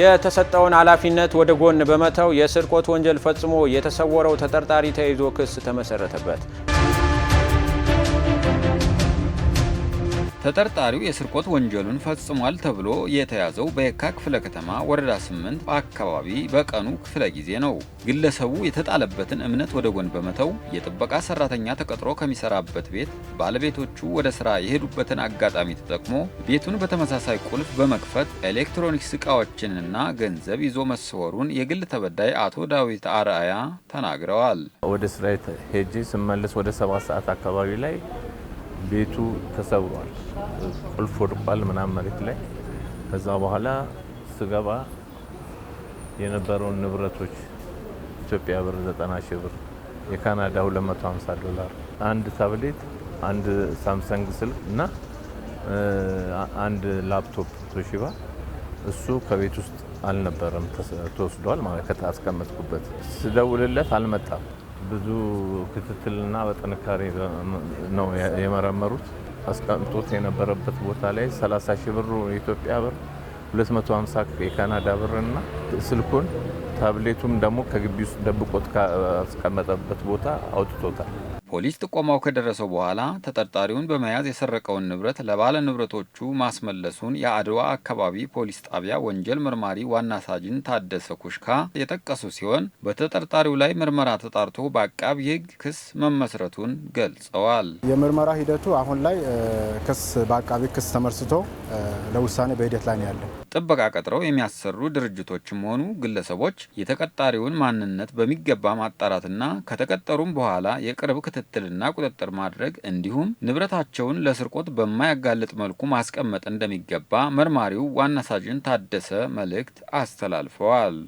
የተሰጠውን ኃላፊነት ወደ ጎን በመተው የስርቆት ወንጀል ፈጽሞ የተሰወረው ተጠርጣሪ ተይዞ ክስ ተመሰረተበት። ተጠርጣሪው የስርቆት ወንጀሉን ፈጽሟል ተብሎ የተያዘው በየካ ክፍለ ከተማ ወረዳ 8 አካባቢ በቀኑ ክፍለ ጊዜ ነው። ግለሰቡ የተጣለበትን እምነት ወደ ጎን በመተው የጥበቃ ሰራተኛ ተቀጥሮ ከሚሰራበት ቤት ባለቤቶቹ ወደ ስራ የሄዱበትን አጋጣሚ ተጠቅሞ ቤቱን በተመሳሳይ ቁልፍ በመክፈት ኤሌክትሮኒክስ እቃዎችንና ገንዘብ ይዞ መሰወሩን የግል ተበዳይ አቶ ዳዊት አርአያ ተናግረዋል። ወደ ስራ ሄጄ ስመለስ ወደ ሰባት ሰዓት አካባቢ ላይ ቤቱ ተሰብሯል፣ ቁልፍ ወድቋል ምናምን መሬት ላይ። ከዛ በኋላ ስገባ የነበረውን ንብረቶች ኢትዮጵያ ብር 90 ሺህ ብር፣ የካናዳ 250 ዶላር፣ አንድ ታብሌት፣ አንድ ሳምሰንግ ስልክ እና አንድ ላፕቶፕ ቶሺባ እሱ ከቤት ውስጥ አልነበረም ተወስዷል ማለት ከታስቀመጥኩበት። ስደውልለት አልመጣም። ብዙ ክትትልና በጥንካሬ ነው የመረመሩት። አስቀምጦት የነበረበት ቦታ ላይ 30 ሺህ ብር የኢትዮጵያ ብር 250 የካናዳ ብር እና ስልኩን ታብሌቱም ደግሞ ከግቢ ውስጥ ደብቆት ካስቀመጠበት ቦታ አውጥቶታል። ፖሊስ ጥቆማው ከደረሰው በኋላ ተጠርጣሪውን በመያዝ የሰረቀውን ንብረት ለባለ ንብረቶቹ ማስመለሱን የአድዋ አካባቢ ፖሊስ ጣቢያ ወንጀል መርማሪ ዋና ሳጅን ታደሰ ኩሽካ የጠቀሱ ሲሆን በተጠርጣሪው ላይ ምርመራ ተጣርቶ በአቃቢ ሕግ ክስ መመስረቱን ገልጸዋል። የምርመራ ሂደቱ አሁን ላይ ክስ በአቃቢ ክስ ተመርስቶ ለውሳኔ በሂደት ላይ ነው ያለው። ጥበቃ ቀጥረው የሚያሰሩ ድርጅቶችም ሆኑ ግለሰቦች የተቀጣሪውን ማንነት በሚገባ ማጣራትና ከተቀጠሩም በኋላ የቅርብ ክትትልና ቁጥጥር ማድረግ እንዲሁም ንብረታቸውን ለስርቆት በማያጋልጥ መልኩ ማስቀመጥ እንደሚገባ መርማሪው ዋና ሳጅን ታደሰ መልእክት አስተላልፈዋል።